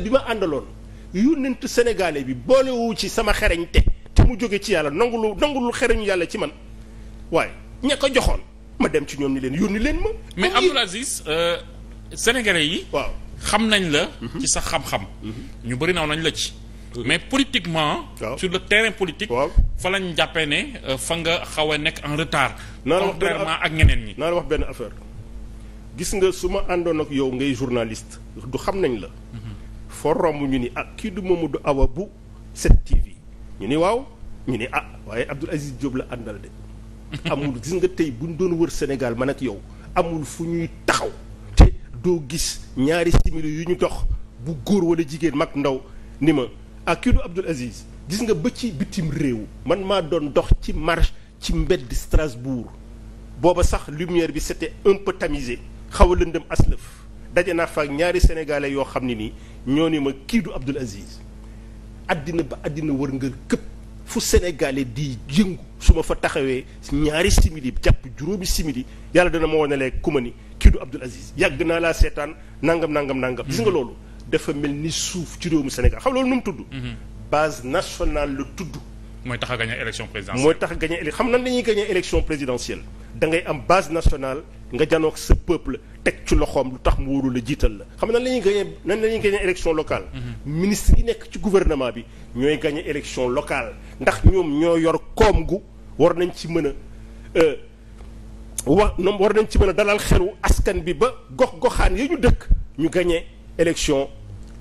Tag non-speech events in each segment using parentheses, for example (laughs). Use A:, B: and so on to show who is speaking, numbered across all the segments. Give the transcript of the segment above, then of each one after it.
A: bi ma àndaloon yónnentu sénégalais bi boolewu ci sama xereñte te mu jógee ci yàlla nangulu nangulul xereñu yàlla ci man waaye ñekk ko joxoon ma dem ci ñoom ni leen yónni leen ma. mais Abdoul Aziz euh, sénégalais yi. waaw xam nañ la. Mhm. ci sa xam-xam. Mhm. ñu bëri naw nañ la ci. mais politiquement. waaw sur le terrain politique. waaw fa lañ jàppee ne euh, fa nga xaw nekk en retard. naa la wax benn ak ñeneen ñi. naa la wax benn affaire gis nga su ma àndoon ak yow ngay journaliste du xam nañ la. Mhm. foo romb ñu ni ah kii du Mamadou Awa bu 7TV ñu ni waaw ñu ni ah waaye Abdoul Aziz Diop la àndal de (laughs) amul gis nga tey buñ doon wër Sénégal man ak yow amul fu ñuy taxaw te doo gis ñaari simili yu ñu dox bu góor wala jigéen mag ndaw ni ma ah kii du Abdoul Aziz gis nga ba ci bitim réew man maa doon dox ci marche ci mbedd Strasbourg booba sax lumière bi setee un peu tamisé xaw a daje naa fa ak ñaari sénégalais yoo xam ne nii ñoo ni ma kii du Abdoul Aziz addina ba àddina wër ngër këpp fu sénégalais di jëngu su ma fa taxawee ñaari simili jàpp juróomi simili yàlla dana ma wane leen ku ma ni kii du Aziz yàgg naa laa seetaan nangam nangam nangam. gis nga loolu dafa mel ni suuf ci réewum Sénégal xam loolu nu mu tudd. Mm-hmm. base nationale lu tudd. mooy tax a gagné élection présidentielle mooy tax a gagné xam nan la ñuy gagné élection présidentielle dangay am base nationale nga janook sa peuple. teg ci loxoom lu tax mu wóolu la jiital la xam na la ñuy gagné nan la ñuy gagné élection locale. Mhm. ministre yi nekk ci gouvernement bi ñooy gagné élection locale ndax ñoom ñoo yor koom gu war nañ ci mën a euh, wa war nañ ci mën a dalal xelu askan bi ba gox goxaan yi ñu dëkk ñu gañee élection.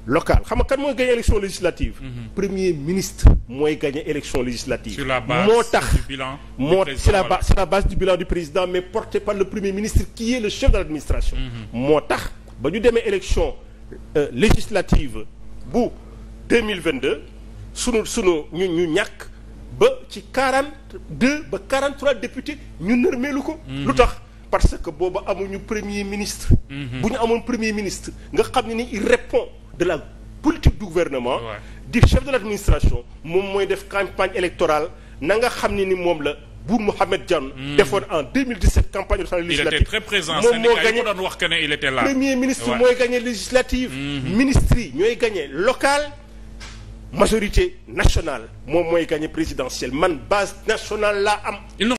A: locale xam nga kan mooy gagné élection législative. Mhm. premier ministre mooy gagné élection législative. sur la base moo tax moo sur la base sur la base du bilan du président mais porté par le premier ministre qui est le chef de l'administration. Mhm. moo tax ba ñu demee élection euh, législative bu deux mille vingt deux sunu sunu ñu ñu ñàkk ba ci quarante deux ba quarante trois députés ñu nërmeelu ko. Mhm. lu tax. parce que booba amuñu premier ministre. bu ñu amoon premier ministre nga xam ne ni il répond de la politique du gouvernement di chef de l'administration moom mooy def campagne électorale na nga xam ni ni moom la Boun Mohamed Dionne hmm. defoon en 2017 campagne législative il était très présent moom moo gagné doon wax que ne il était là premier ministre mooy gagné législative hmm. ministres ñooy gagné local majorité nationale moom mooy gagné présidentielle man base nationale laa am